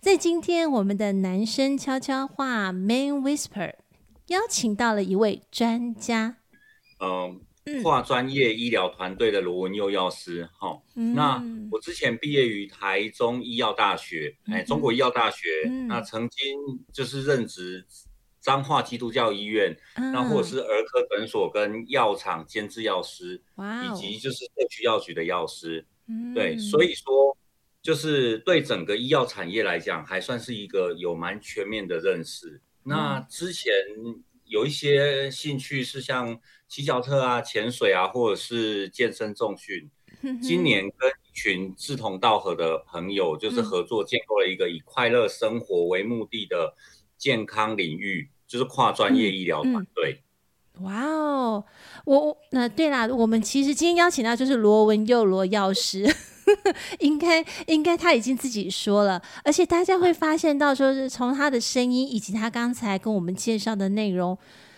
在今天，我們的男聲悄悄話 （Men Whisper） 邀請到了一位專家，嗯、呃，跨專業醫療團隊的羅文佑藥師。哈、嗯，那我之前畢業於台中醫藥大學，哎，中國醫藥大學。那、嗯呃、曾經就是任職彰化基督教醫院，嗯、那或者是兒科診所跟藥廠監製藥師、哦，以及就是社區藥局的藥師。嗯、對，所以說。就是對整個醫藥產業來講，還算是一個有蠻全面的認識。嗯、那之前有一些興趣是像騎腳踏啊、潛水啊，或者是健身重訓、嗯。今年跟一群志同道合的朋友，就是合作建構了一個以快樂生活為目的的健康領域，嗯、就是跨專業醫療團隊。哇、嗯、哦，嗯嗯、wow, 我那、呃、對啦，我們其實今天邀請到就是羅文佑羅藥師。 應該應該他已經自己說了，而且大家會發現到，說是從他的聲音以及他剛才跟我們介紹的內容，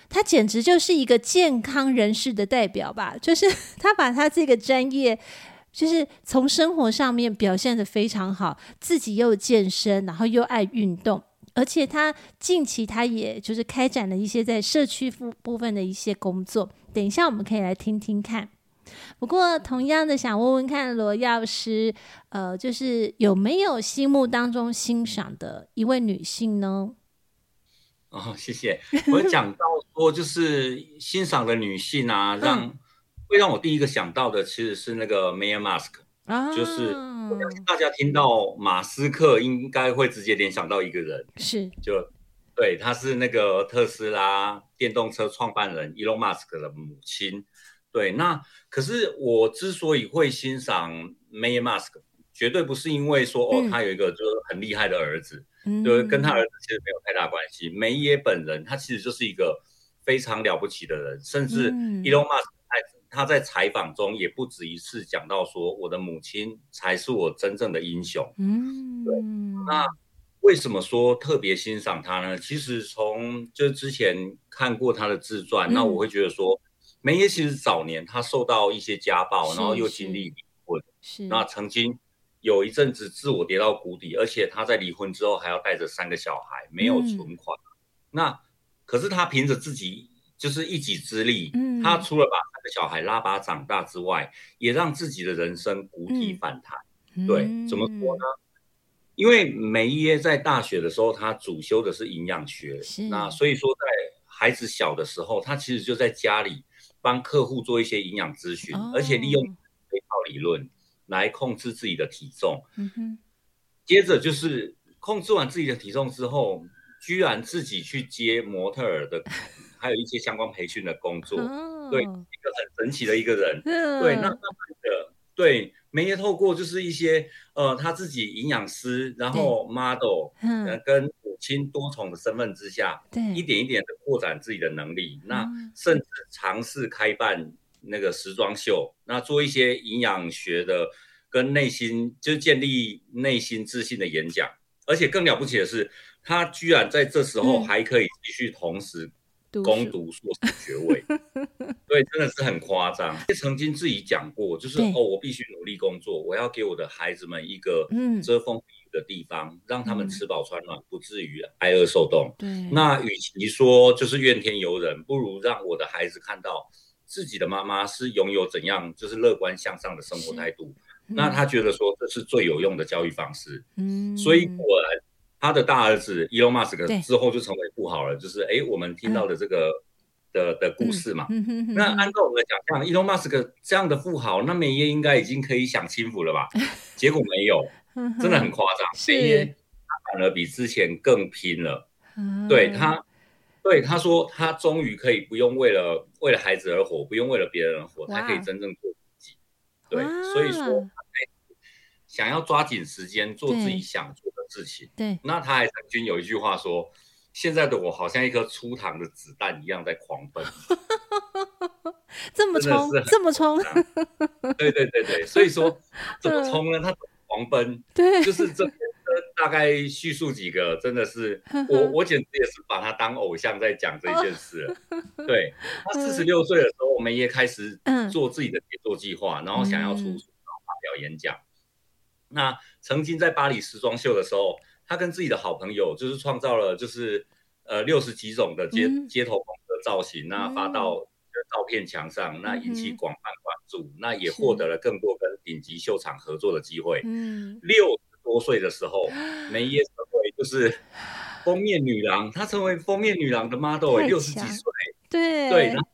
他簡直就是一個健康人士的代表吧。就是他把他這個專業，就是從生活上面表現得非常好，自己又健身，然後又愛運動，而且他近期他也就是開展了一些在社區部部分的一些工作。等一下我們可以來聽聽看。不過，同樣的，想問問看羅藥師，呃，就是有沒有心目當中欣賞的一位女性呢？哦，謝謝。我講到說，就是 欣賞的女性啊，讓、嗯、會讓我第一個想到的，其實是那個 Maye Musk 啊，就是大家聽到馬斯克，應該會直接聯想到一個人，是，就對，他是那個特斯拉電動車創辦人 Elon Musk 的母親，對，那。可是我之所以會欣賞梅耶馬斯克，絕對不是因為說哦，他有一個就是很厲害的兒子，嗯、就是、跟他兒子其實沒有太大關係。嗯、梅耶本人他其實就是一個非常了不起的人，甚至伊隆馬斯克他在採訪中也不止一次講到說，我的母親才是我真正的英雄。嗯，對。那為什麼說特別欣賞他呢？其實從就之前看過他的自傳，嗯、那我會覺得說。梅耶其實早年他受到一些家暴，然後又經歷離婚，是，是那曾經有一陣子自我跌到谷底，是是，而且他在離婚之後還要帶着三個小孩，沒有存款。嗯、那可是他憑着自己就是一己之力，嗯、他除了把他的小孩拉拔長大之外，嗯、也讓自己的人生谷底反彈。嗯、對，怎麼說呢？嗯、因為梅耶在大學的時候，他主修的是營養學，那所以說在孩子小的時候，他其實就在家裡。幫客戶做一些營養諮詢，Oh. 而且利用肥胖理論來控制自己的體重。嗯、mm -hmm. 接着就是控制完自己的體重之後，居然自己去接模特兒的， 還有一些相關培訓的工作。Oh. 對，一個很神奇的一個人。Mm -hmm. 對，那慢慢的，對每耶透過就是一些呃，他自己營養師，然後 model，嗯、mm -hmm.，跟。親多重的身份之下，對一點一點的擴展自己的能力，嗯、那甚至嘗試開辦那個時裝秀，那做一些營養學的跟內心，就是建立內心自信的演講。而且更了不起的是，他居然在這時候還可以繼續同時攻讀碩士學位，嗯，對，真的是很誇張。 曾經自己講過，就是哦，我必須努力工作，我要給我的孩子們一個遮風避雨。嗯的地方，讓他們吃飽穿暖，嗯、不至於挨餓受凍。那與其說就是怨天尤人，不如讓我的孩子看到自己的媽媽是擁有怎樣就是樂觀向上的生活態度、嗯。那他覺得說這是最有用的教育方式。嗯，所以果然他的大兒子伊隆馬斯克之後就成為富豪了。就是哎、欸，我們聽到的這個的、嗯、的故事嘛、嗯。那按照我們的想象，伊隆馬斯克這樣的富豪，那梅耶應該已經可以享清福了吧？ 結果沒有。真的很誇張，所、嗯、以他反而比之前更拼了。嗯、對他，對他說，他終於可以不用為了為了孩子而活，不用為了別人而活，他可以真正做自己。對、啊，所以說，想要抓緊時間做自己想做的事情。對，那他還曾經有一句話說：“現在的我好像一顆出膛的子彈一樣在狂奔， 這麼衝，這麼衝。 ”對對對對，所以說怎麼衝呢？他、 嗯。狂奔，對，就是這大概敘述幾個，真的是 我我簡直也是把他當偶像在講這件事。 對，他四十六歲的時候， 我們也開始做自己的寫作計劃，然後想要出書，然後發表演講、嗯。那曾經在巴黎時裝秀的時候，他跟自己的好朋友就是創造了就是呃六十幾種的街、嗯、街頭風的造型，那發到。照片牆上，那引起廣泛關注、嗯，那也獲得了更多跟頂級秀場合作的機會。嗯，六十多歲的時候，梅、嗯、耶成為就是封面女郎、啊，她成為封面女郎的 model。哎，六十幾歲，對對。然後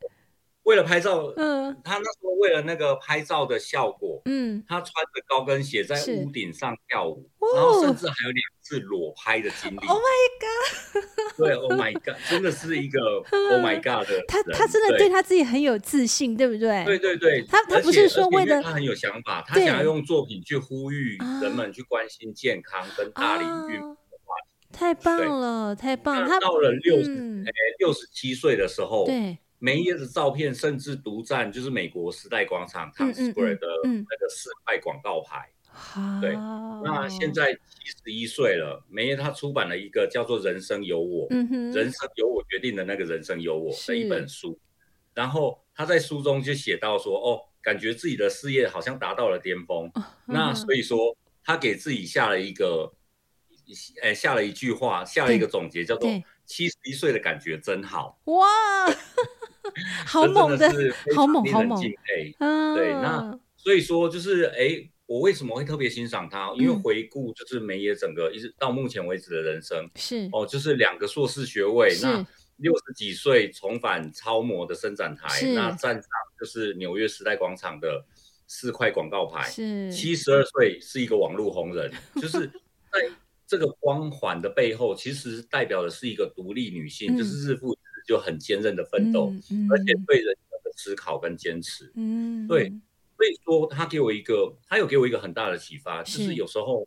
為了拍照，嗯，她那時候為了那個拍照的效果，嗯，她穿着高跟鞋在屋頂上跳舞，然後甚至還有兩，是裸拍的經歷。Oh my god！ 對，Oh my god！真的是一個 Oh my god 的。 他他真的對他自己很有自信，對不對？對對對。他他不是說為了他很有想法，他想要用作品去呼籲人們去關心健康跟大齡孕婦的話題、啊啊。太棒了，太棒了！他到了六呃六十七歲的時候，對，梅耶的照片甚至獨占就是美國時代廣場 Times Square 的那個四塊廣告牌。Wow. 對，那現在七十一歲了，梅耶他出版了一個叫做《人生由我》，mm -hmm. 人生由我決定的那個人生由我的一本書。然後他在書中就寫到說：“哦，感覺自己的事業好像達到了巔峰。Uh ” -huh. 那所以說，他給自己下了一個，哎、欸、下了一句話，下了一個總結，叫做“七十一歲的感覺真好”。哇、wow. 好猛的，好猛，好猛！哎，對。那所以說，就是哎。欸我為什麼會特別欣賞她？因為回顧就是梅耶整個一直到目前為止的人生，嗯、是哦，就是兩個碩士學位，那六十幾歲重返超模的伸展台，那站上就是紐約時代廣場的四塊廣告牌，是七十二歲是一個網絡紅人，就是在這個光環的背後，其實代表的是一個獨立女性，嗯、就是日復一日就很堅韌的奮鬥、嗯嗯，而且對人生的思考跟堅持，嗯，對。嗯所以說，他給我一個，他有給我一個很大的啟發，就是有時候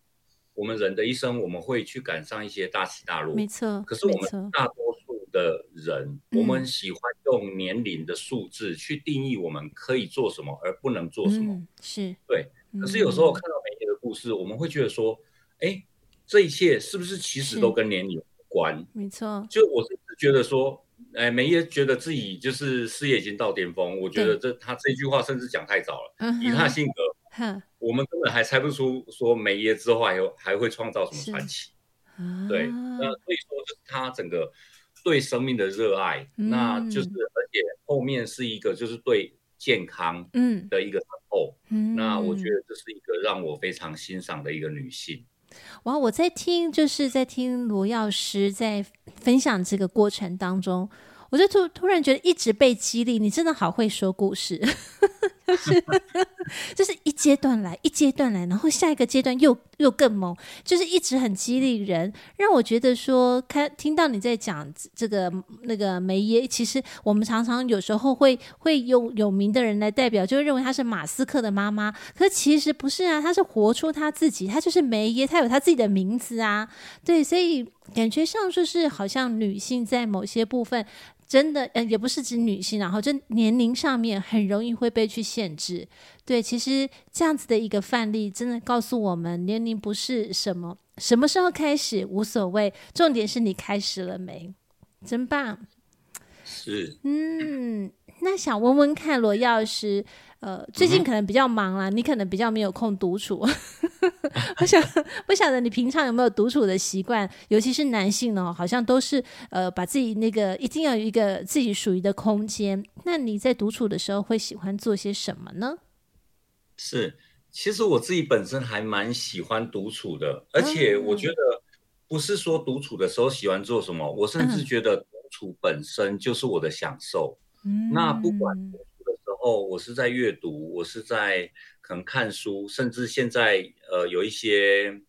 我們人的一生，我們會去趕上一些大起大落，沒錯。可是我們大多數的人，我們喜歡用年齡的數字去定義我們可以做什麼，而不能做什麼，嗯嗯、是對。可是有時候看到每一個故事、嗯，我們會覺得說，哎，這一切是不是其實都跟年齡有關？沒錯，就我是覺得說。哎，梅耶覺得自己就是事業已經到巔峰。我覺得這他這句話甚至講太早了。Uh -huh. 以他性格，uh -huh. 我們根本還猜不出說梅耶之後還有還會創造什麼傳奇。是。對。Uh -huh. 那所以說，就是他整個對生命的熱愛，mm -hmm. 那就是而且後面是一個就是對健康的一個時候、mm -hmm. 那我覺得這是一個讓我非常欣賞的一個女性。哇！我在聽，就是在聽羅藥師在分享這個過程當中，我就突突然覺得一直被激勵，你真的好會說故事。 就是，就是一階段來一階段來，然後下一個階段又又更猛，就是一直很激勵人，讓我覺得說，看聽到你在講這個那個梅耶，其實我們常常有時候會會用有，有名的人來代表，就認為她是馬斯克的媽媽，可其實不是啊，她是活出她自己，她就是梅耶，她有她自己的名字啊，對，所以感覺上就是好像女性在某些部分。真的，嗯，也不是指女性，然後這年齡上面很容易會被去限制。對，其實這樣子的一個範例，真的告訴我們，年齡不是什麼，什麼時候開始無所謂，重點是你開始了沒？真棒！是，嗯，那想問問看羅藥師。呃，最近可能比較忙啦、啊，嗯，你可能比較沒有空獨處。 我想不曉得你平常有沒有獨處的習慣？尤其是男性哦，好像都是呃把自己那個一定要有一個自己屬於的空間。那你在獨處的時候會喜歡做些什麼呢？是，其實我自己本身還蠻喜歡獨處的，而且我覺得不是說獨處的時候喜歡做什麼，嗯、我甚至覺得獨處本身就是我的享受。嗯、那不管。哦、oh,，我是在閱讀，我是在可能看書，甚至現在呃有一些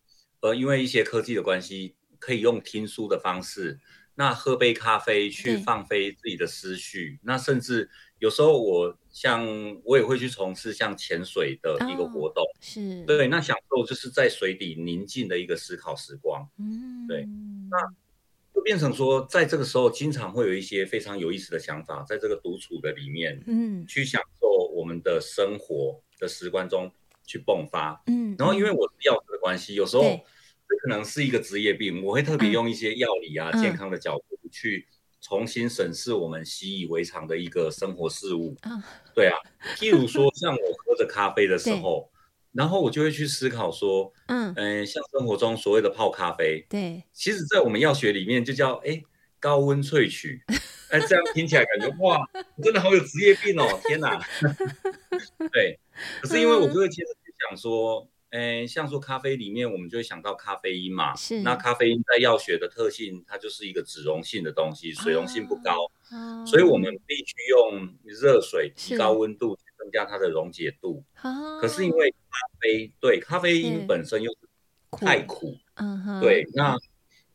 呃，因為一些科技的關係，可以用聽書的方式。那喝杯咖啡去放飛自己的思緒，那甚至有時候我像我也會去從事像潛水的一個活動，oh, 是對，那享受就是在水底寧靜的一個思考時光。嗯、mm.，對，那。變成說，在這個時候經常會有一些非常有意思的想法，在這個獨處的裡面，嗯，去享受我們的生活的時光中去迸發，嗯。然後，因為我是藥師的關係、嗯，有時候這可能是一個職業病，我會特別用一些藥理啊、嗯、健康的角度去重新審視我們習以為常的一個生活事物。嗯嗯、對啊，譬 如說，像我喝着咖啡的時候。然後我就會去思考說，嗯、呃，像生活中所謂的泡咖啡，對，其實在我們藥學裡面就叫哎高溫萃取，哎， 這樣聽起來感覺 哇，真的好有職業病哦，天哪， 對。可是因為我會其實想說，哎、嗯呃，像說咖啡裡面，我們就會想到咖啡因嘛，是。那咖啡因在藥學的特性，它就是一個脂溶性的東西，水溶性不高，哦，所以我們必須用熱水提高溫度。加它的溶解度，啊、可是因為咖啡對咖啡因本身又是太苦，對，對，苦對，嗯，那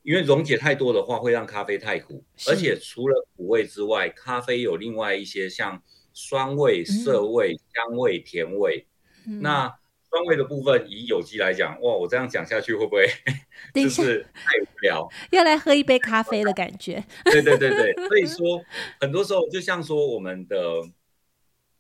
因為溶解太多的話會讓咖啡太苦，而且除了苦味之外，咖啡有另外一些像酸味、澀味、嗯、香味、甜味、嗯。那酸味的部分以有機來講，哇，我這樣講下去會不會 就是太無聊？要來喝一杯咖啡的感覺。 對，對對對對，所以說 很多時候就像說我們的。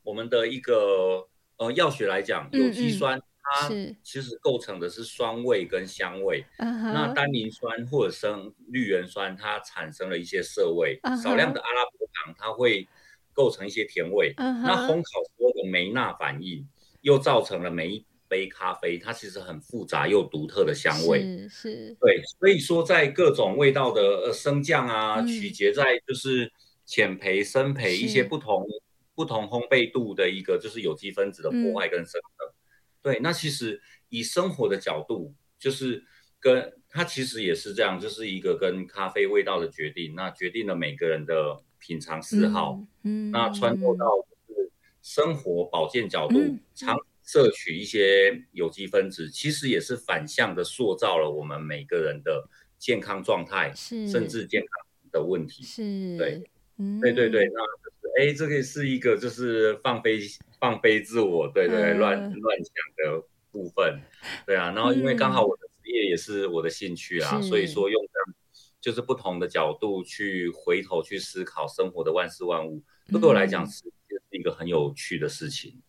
我們的一個呃藥學來講，有機酸嗯嗯它其實構成的是酸味跟香味。Uh -huh. 那單寧酸或者生綠原酸，它產生了一些澀味。Uh -huh. 少量的阿拉伯糖，它會構成一些甜味。Uh -huh. 那烘烤時候的梅納反應，uh -huh. 又造成了每一杯咖啡它其實很複雜又獨特的香味是。是，對，所以說在各種味道的、呃、升降啊，uh -huh. 取決在就是淺焙、深焙一些不同。不同烘焙度的一個就是有機分子的破壞跟生成、嗯，對，那其實以生活的角度，就是跟它其實也是這樣，就是一個跟咖啡味道的決定，那決定了每個人的品嚐嗜好嗯。嗯，那穿透到就是生活保健角度，常、嗯、攝取一些有機分子、嗯，其實也是反向的塑造了我們每個人的健康狀態，是甚至健康的問題。是，對，對，對對對，嗯、那。誒，這個是一個就是放飛放飛自我，對對，uh, 亂亂講的部分，對啊。然後因為剛好我的職業也是我的興趣啊，mm. 所以說用這樣就是不同的角度去回頭去思考生活的萬事萬物，對、mm. 我來講是一個很有趣的事情。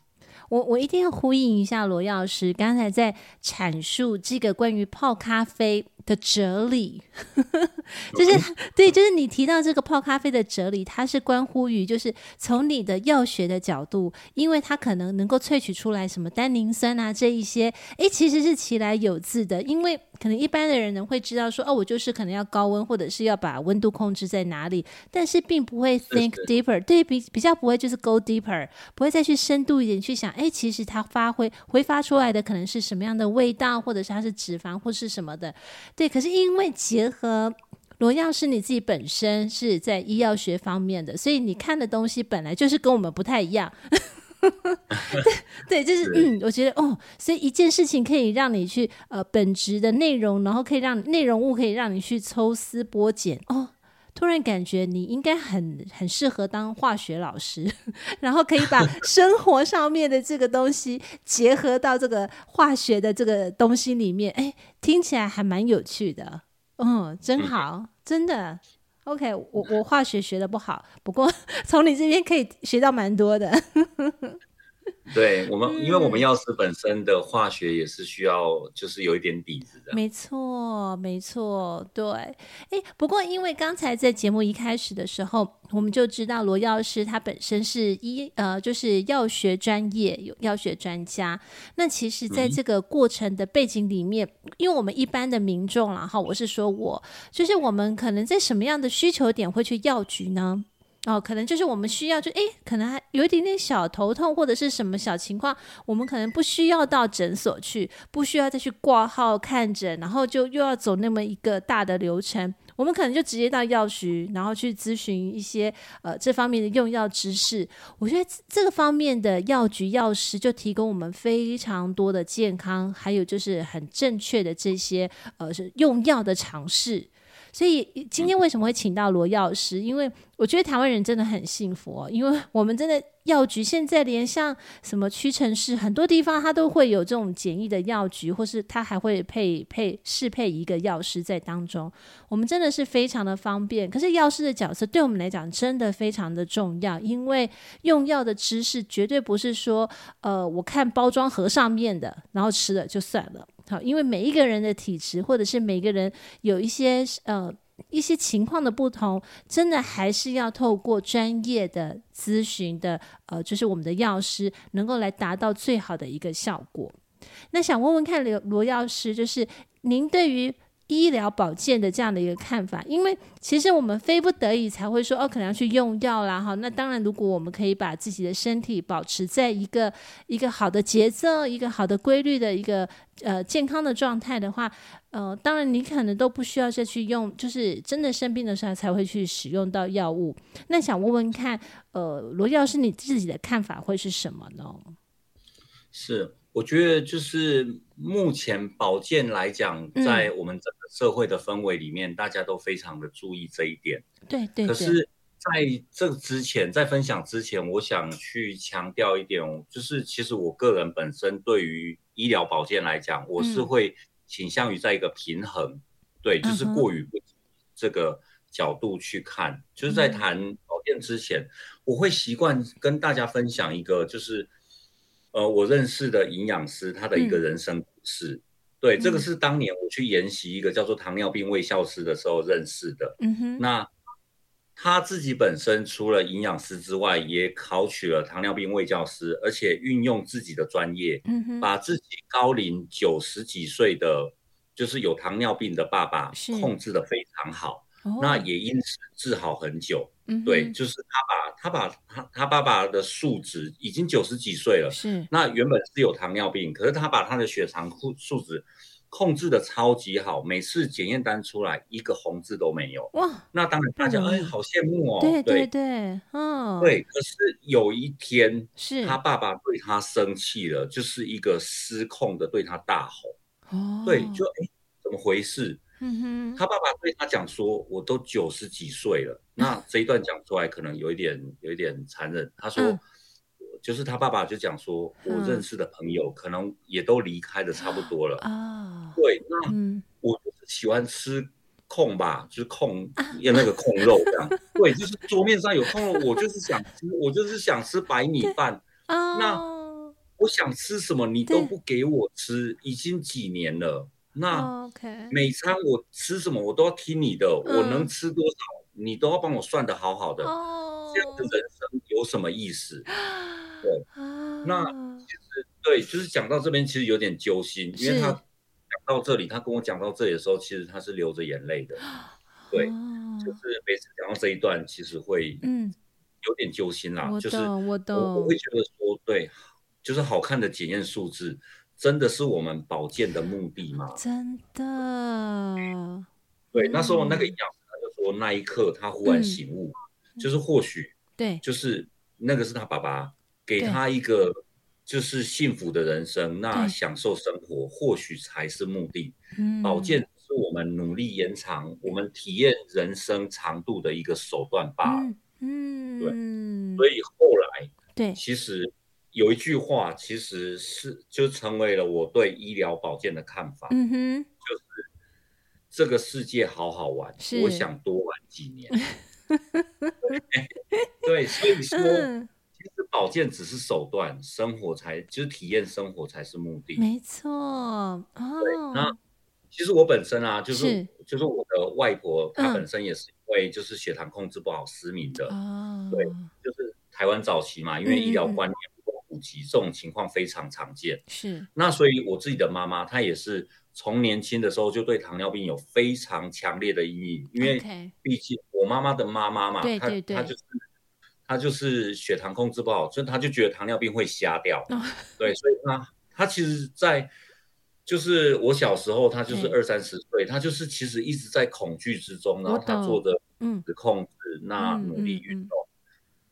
我我一定要呼應一下羅藥師剛才在闡述這個關於泡咖啡的哲理， 就是、okay. 對，就是你提到這個泡咖啡的哲理，它是關乎於就是從你的藥學的角度，因為它可能能夠萃取出來什麼單寧酸啊這一些，哎、欸，其實是其來有自的，因為。可能一般的人能會知道說，哦，我就是可能要高溫，或者是要把溫度控制在哪裡，但是並不會 think deeper，是是對比比較不會就是 go deeper，不會再去深度一點去想，哎，其實它發揮揮發出來的可能是什麼樣的味道，或者是它是脂肪或是什麼的，對。可是因為結合羅藥師是你自己本身是在醫藥學方面的，所以你看的東西本來就是跟我們不太一樣。 對對，就是嗯，我覺得哦，所以一件事情可以讓你去呃本質的內容，然後可以讓內容物可以讓你去抽絲剝繭哦，突然感覺你應該很很適合當化學老師，然後可以把生活上面的這個東西結合到這個化學的這個東西裡面，誒，聽起來還蠻有趣的，哦。真好，嗯、真的。OK，我我化學學的不好，不過從你這邊可以學到蠻多的。 對我們、嗯，因為我們藥師本身的化學也是需要，就是有一點底子的。沒錯，沒錯，對。哎、欸，不過因為剛才在節目一開始的時候，我們就知道羅藥師他本身是醫，呃，就是藥學專業，有藥學專家。那其實，在這個過程的背景裡面，嗯、因為我們一般的民眾，然後我是說我，就是我們可能在什麼樣的需求點會去藥局呢？哦，可能就是我們需要就，就誒，可能還有一點點小頭痛或者是什麼小情況，我們可能不需要到診所去，不需要再去掛號看診，然後就又要走那麼一個大的流程，我們可能就直接到藥局，然後去諮詢一些呃這方面的用藥知識。我覺得這個方面的藥局藥師就提供我們非常多的健康，還有就是很正確的這些呃是用藥的常識。所以今天為什麼會請到羅藥師？因為我覺得台灣人真的很幸福哦，因為我們真的藥局現在連像什麼屈臣氏、很多地方，它都會有這種簡易的藥局，或是它還會配配適配一個藥師在當中。我們真的是非常的方便。可是藥師的角色對我們來講真的非常的重要，因為用藥的知識絕對不是說，呃，我看包裝盒上面的，然後吃了就算了。好，因為每一個人的體質，或者是每個人有一些呃一些情況的不同，真的還是要透過專業的諮詢的，呃，就是我們的藥師能夠來達到最好的一個效果。那想問問看羅羅藥師，就是您對於。醫療保健的這樣的一個看法，因為其實我們非不得已才會說哦，可能要去用藥啦，哈。那當然，如果我們可以把自己的身體保持在一個一個好的節奏、一個好的規律的一個呃健康的狀態的話，呃，當然你可能都不需要再去用，就是真的生病的時候才會去使用到藥物。那想問問看，呃，羅藥師，你自己的看法會是什麼呢？是，我覺得就是。目前保健來講，在我們整個社會的氛圍裡面，大家都非常的注意這一點。對對。可是，在這之前，在分享之前，我想去強調一點，就是其實我個人本身對於醫療保健來講，我是會傾向於在一個平衡，對，就是過於不這個角度去看。就是在談保健之前，我會習慣跟大家分享一個，就是。呃，我認識的營養師，他的一個人生故事。嗯。對，這個是當年我去研習一個叫做糖尿病衛教師的時候認識的。嗯哼。那他自己本身除了營養師之外，也考取了糖尿病衛教師，而且運用自己的專業，嗯哼，把自己高齡九十幾歲的就是有糖尿病的爸爸控制得非常好，那也因此治好很久。哦嗯、mm -hmm.，對，就是他把他把他他爸爸的數值，已經九十幾歲了，是那原本是有糖尿病，可是他把他的血糖控數值控制的超級好，每次檢驗單出來一個紅字都沒有。哇，那當然大家、哦、哎好羨慕哦，對對對，嗯，對、哦。可是有一天是他爸爸對他生氣了，就是一個失控的對他大吼，哦，對，就哎怎麼回事？嗯哼，他爸爸對他講說：“我都九十幾歲了、嗯，那這一段講出來可能有一點有一點殘忍。”他說、嗯：“就是他爸爸就講說，我認識的朋友可能也都離開的差不多了啊、嗯。對，那我就是喜歡吃控吧、嗯，就是控有那個控肉這樣、嗯。對，就是桌面上有控肉、嗯，我就是想吃，我就是想吃白米飯、嗯。那我想吃什麼，你都不給我吃，已經幾年了。”那每餐我吃什麼，我都要聽你的。Oh, okay. 我能吃多少，嗯、你都要幫我算得好好的。這樣的人生有什麼意思？對，oh. 那其實對，就是講到這邊其實有點揪心，因為他講到這裡，他跟我講到這裡的時候，其實他是流着眼淚的。對，oh. 就是每次講到這一段，其實會有點揪心啦。Mm. 就是我我會覺得說，對，就是好看的檢驗數字。真的是我們保健的目的嗎？ 真的。對、嗯，那時候那個營養師他就說，那一刻他忽然醒悟，嗯、就是或許，對，就是那個是他爸爸給他一個就是幸福的人生，那享受生活或許才是目的。嗯，保健是我們努力延長、嗯、我們體驗人生長度的一個手段罷了。嗯，對、嗯，所以後來，對，其實。有一句話，其實是就成為了我對醫療保健的看法。嗯哼，就是這個世界好好玩，我想多玩幾年。 對、對，所以說、嗯，其實保健只是手段，生活才就是體驗生活才是目的。沒錯、哦、那其實我本身啊，就是、是就是我的外婆、嗯，她本身也是因為就是血糖控制不好失明的。哦。對，就是台灣早期嘛，因為醫療觀念嗯嗯。這種情況非常常見，是那所以我自己的媽媽，她也是從年輕的時候就對糖尿病有非常強烈的陰影，因為畢竟我媽媽的媽媽嘛，Okay. 她對對對，她就是她就是血糖控制不好，所以她就覺得糖尿病會瞎掉，Oh. 對，所以她她其實在，在就是我小時候，她就是二三十歲，Okay. 她就是其實一直在恐懼之中，然後她做的嗯控制嗯，那努力運動、嗯嗯嗯，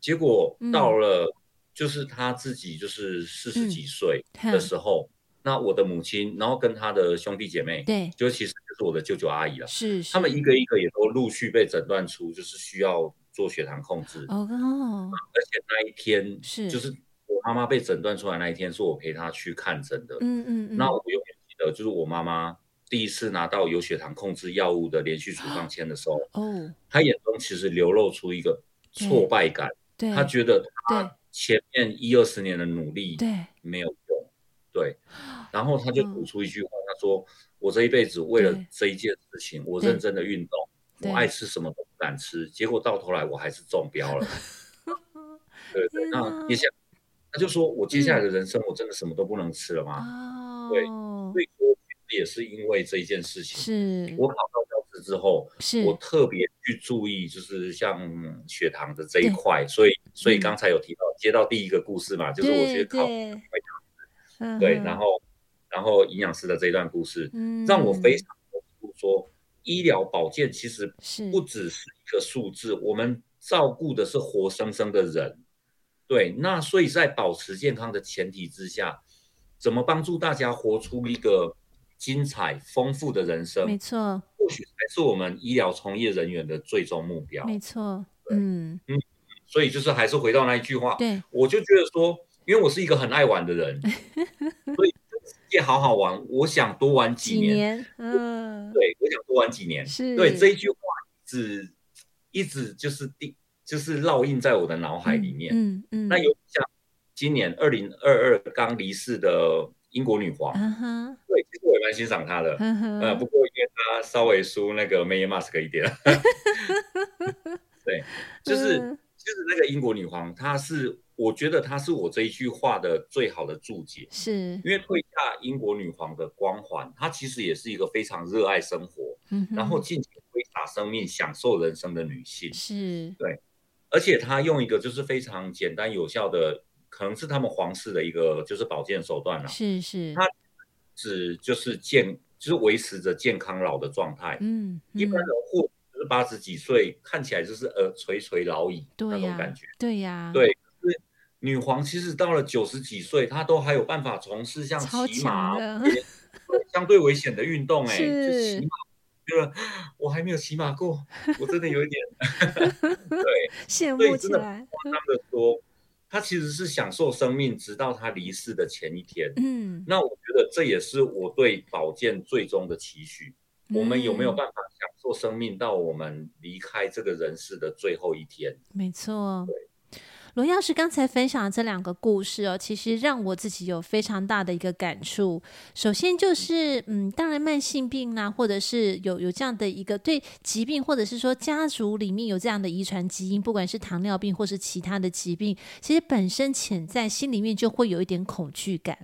結果到了。就是他自己，就是四十幾歲的時候、嗯，那我的母親，然後跟他的兄弟姐妹，對，就其實就是我的舅舅阿姨了，是，是，他們一個一個也都陸續被診斷出，就是需要做血糖控制。哦、oh, no. 啊，而且那一天是，就是我媽媽被診斷出來那一天，是我陪她去看診的。嗯嗯。那我永遠記得，就是我媽媽第一次拿到有血糖控制藥物的連續處方簽的時候，哦，她眼中其實流露出一個挫敗感，對，對，她覺得她。前面一二十年的努力沒有用，對，對然後他就吐出一句話、嗯，他說：“我這一輩子為了這一件事情，我認真的運動，我愛吃什麼都不敢吃，結果到頭來我還是中標了。 ”對,對對，那接下來、嗯，他就說我接下來的人生我真的什麼都不能吃了嗎？哦、嗯，對，所以說其實也是因為這一件事情，是我考到教師之後，是我特別去注意，就是像血糖的這一塊，所以，所以剛才有提到。接到第一個故事嘛，就是我覺得考營養師對，對呵呵，然後然後營養師的這一段故事，嗯、讓我非常說，嗯、醫療保健其實不只是一個數字，我們照顧的是活生生的人，對，那所以在保持健康的前提之下，怎麼幫助大家活出一個精彩豐富的人生，沒錯，或許才是我們醫療從業人員的最終目標，沒錯，嗯嗯。所以就是還是回到那一句話，對，我就覺得說，因為我是一個很愛玩的人， 所以這個世界好好玩，我想多玩幾年，幾年我 對我想多玩幾年，是對這一句話一直一直就是定就是烙印在我的腦海裡面，嗯嗯,嗯。那有像今年二零二二剛離世的英國女皇，uh -huh. 對，其實我也蠻欣賞她的，uh -huh. 呃，不過因為她稍微輸那個馬斯克一點， 對，就是。Uh -huh. 就是那個英國女皇，她是我覺得她是我這一句話的最好的註解，是因為褪下英國女皇的光環，她其實也是一個非常熱愛生活，嗯、然後盡情揮灑生命、享受人生的女性，是對，而且她用一個就是非常簡單有效的，可能是他們皇室的一個就是保健手段了、啊，是是，她是就是健就是維持着健康老的狀態、嗯，嗯，一般人過。八十幾歲看起來就是呃垂垂老矣、啊、那種感覺，對呀、啊啊，對，可是女皇其實到了九十幾歲，她都還有辦法從事像騎馬這些相對危險的運動、欸，哎， 就就是我還沒有騎馬過，我真的有一點， 對羨所以真的，羨慕起來。不誇張的說，她其實是享受生命，直到她離世的前一天。嗯，那我覺得這也是我對保健最終的期許。 我們有沒有辦法享受生命到我們離開這個人世的最後一天？沒錯，對。羅藥師剛才分享的這兩個故事哦，其實讓我自己有非常大的一個感觸。首先就是，嗯，當然慢性病啊，或者是有有這樣的一個對疾病，或者是說家族裡面有這樣的遺傳基因，不管是糖尿病或是其他的疾病，其實本身潛在心裡面就會有一點恐懼感。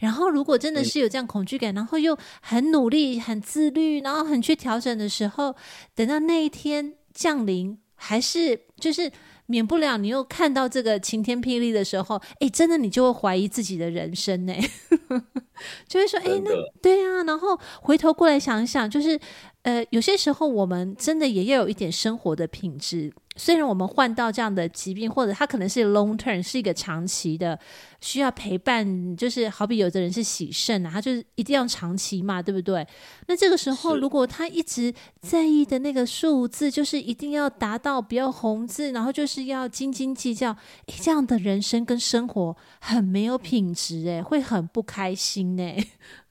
然後，如果真的是有這樣恐懼感，然後又很努力、很自律，然後很去調整的時候，等到那一天降臨，還是就是。免不了，你又看到這個晴天霹靂的時候，哎，真的你就會懷疑自己的人生呢， 就會說，哎，那對啊，然後回頭過來想一想，就是，呃，有些時候我們真的也要有一點生活的品質。雖然我們患到這樣的疾病，或者他可能是 long term，是一個長期的需要陪伴，就是好比有的人是洗腎啊，他就是一定要長期嘛，對不對？那這個時候，如果他一直在意的那個數字，就是一定要達到不要紅字，然後就是要斤斤計較誒，這樣的人生跟生活很沒有品質、欸，誒，會很不開心呢、欸。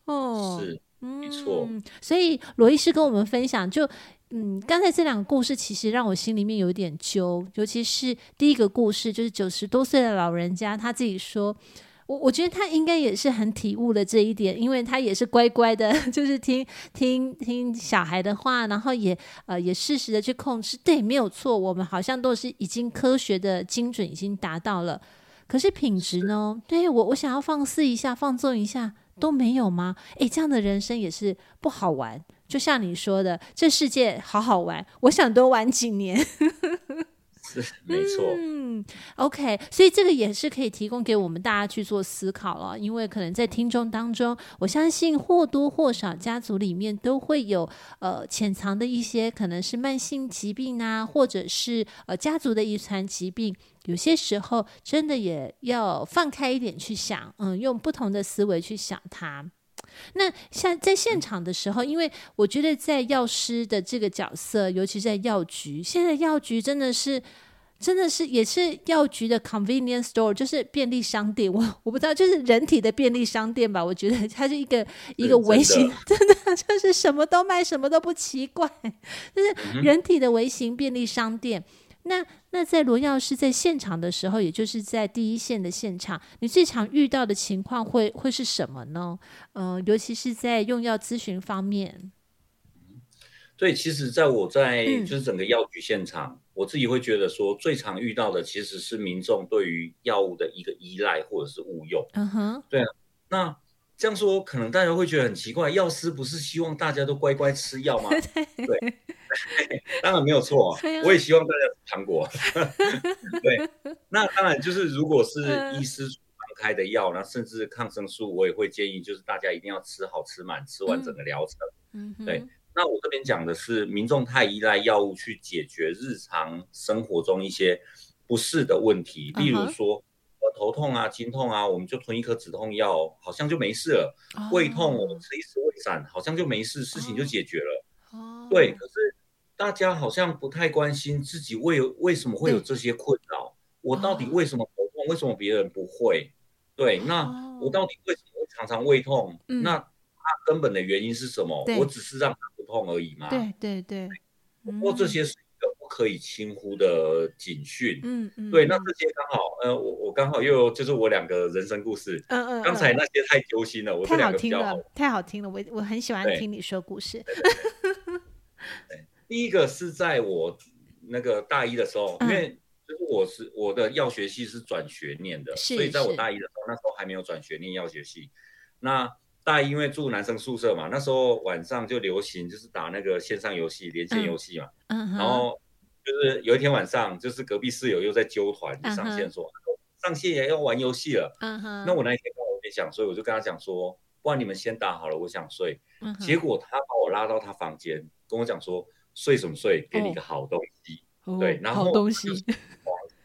哦，是，沒錯、嗯。所以羅醫師跟我們分享就。嗯，剛才這兩個故事其實讓我心裡面有點揪，尤其是第一個故事，就是九十多歲的老人家他自己說，我我覺得他應該也是很體悟了這一點，因為他也是乖乖的，就是聽聽聽小孩的話，然後也呃也適時的去控制，對，沒有錯，我們好像都是已經科學的精準已經達到了，可是品質呢？對，我我想要放肆一下，放縱一下。都沒有嗎？誒，這樣的人生也是不好玩。就像你說的，這世界好好玩，我想多玩幾年。 是，沒錯，嗯沒錯。嗯。OK，所以這個也是可以提供給我們大家去做思考了，因為可能在聽眾當中，我相信或多或少家族裡面都會有呃潛藏的一些可能是慢性疾病啊，或者是呃家族的遺傳疾病。有些時候真的也要放開一點去想，嗯，用不同的思維去想它。那像在現場的時候，因為我覺得在藥師的這個角色，尤其在藥局，現在藥局真的是，真的是也是藥局的 convenience store，就是便利商店。我我不知道，就是人體的便利商店吧？我覺得它是一個一個微型，真的就是什麼都賣，什麼都不奇怪，就是人體的微型便利商店。那那在羅藥師在現場的時候，也就是在第一線的現場，你最常遇到的情況會會是什麼呢？嗯、呃，尤其是在用藥諮詢方面。對，其實在我在、嗯、就是整個藥局現場，我自己會覺得說，最常遇到的其實是民眾對於藥物的一個依賴或者是誤用。嗯哼，對，那。這樣說，可能大家會覺得很奇怪。藥師不是希望大家都乖乖吃藥嗎？ 對，當然沒有錯 我也希望大家吃糖果。 對，那當然就是如果是醫師處方開的藥那、呃、甚至抗生素，我也會建議就是大家一定要吃好吃滿、嗯，吃完整個療程、嗯。對。那我這邊講的是，民眾太依賴藥物去解決日常生活中一些不適的問題、嗯，例如說。頭痛啊，筋痛啊，我們就吞一顆止痛藥，好像就沒事了。胃痛，我們吃一吃胃散，oh. 好像就沒事，事情就解決了。Oh. 對，可是大家好像不太關心自己為為什麼會有這些困擾。Oh. 我到底為什麼頭痛？為什麼別人不會？Oh. 對，那我到底為什麼會常常胃痛？Oh. 那它根本的原因是什麼？Um. 我只是讓它不痛而已嘛。對對對，過、嗯、這些事。可以輕忽的警訊，嗯嗯，對，那這些剛好，呃，我我剛好又有，就是我兩個人生故事，嗯嗯，剛才那些太揪心了，太好聽了，太好聽了，我我很喜歡聽你說故事對對對對。。 第一個是在我那個大一的時候，因為就是我是我的藥學系是轉學念的、嗯，所以在我大一的時候，那時候還沒有轉學念藥學系。那大一因為住男生宿舍嘛，那時候晚上就流行就是打那個線上遊戲、連線遊戲嘛、嗯，然後。就是有一天晚上，就是隔壁室友又在揪團上線說，說、uh -huh. 上線也要玩遊戲了。嗯哼，那我那一天剛好有點想睡，所以我就跟他講說，不然你們先打好了，我想睡。嗯、uh -huh.，結果他把我拉到他房間，跟我講說，睡什麼睡，給你個好東西。Oh. Oh. 對，然後東西，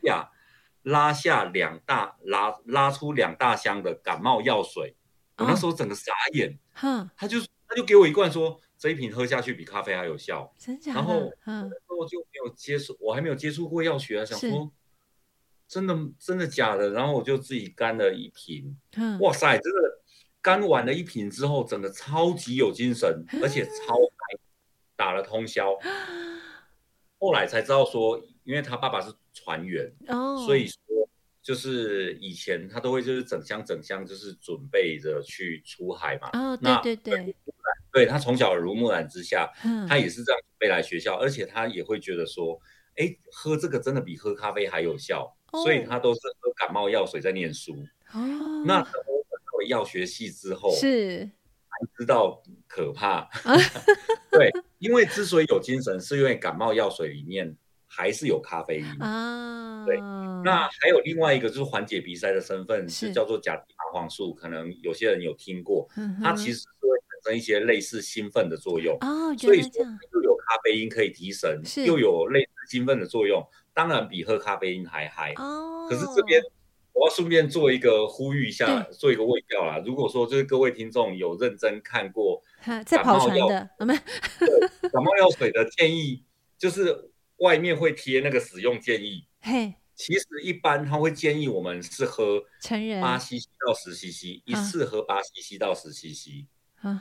下拉下兩、oh. oh. 大拉拉出兩大箱的感冒藥水，oh. 我那時候整個傻眼。哼、huh.，他就他就給我一罐說。這一瓶喝下去比咖啡還有效，真假然後，我就沒有接觸、嗯，我還沒有接觸過藥學啊，想說真的真的假的。然後我就自己干了一瓶、嗯，哇塞，真的乾完了一瓶之後，整個超級有精神，嗯、而且超嗨，打了通宵、嗯。後來才知道說，因為他爸爸是船員、哦、所以說就是以前他都會就是整箱整箱就是準備着去出海嘛。哦、那對，對對對。對，他從小耳濡目染之下，他也是這樣被來學校、嗯，而且他也會覺得說，哎，喝這個真的比喝咖啡還有效、哦，所以他都是喝感冒藥水在念書。那、哦、那等我到了藥學系之後，是才知道可怕。啊、 對，因為之所以有精神， 是因為感冒藥水裡面還是有咖啡因、啊、對，那還有另外一個就是緩解鼻塞的身份，是叫做甲基麻黃素，可能有些人有聽過，嗯、他其實是一些類似興奮的作用、oh, 所以說又有咖啡因可以提神，又有類似興奮的作用，當然比喝咖啡因還嗨哦。可是這邊我要順便做一個呼籲一下，做一個衛教啦。如果說就是各位聽眾有認真看過感冒藥，我 們 感冒藥水的建議就是外面會貼那個使用建議。嘿， 其實一般他會建議我們是喝八 cc 到十 cc，、啊、一次喝八 cc 到十 cc。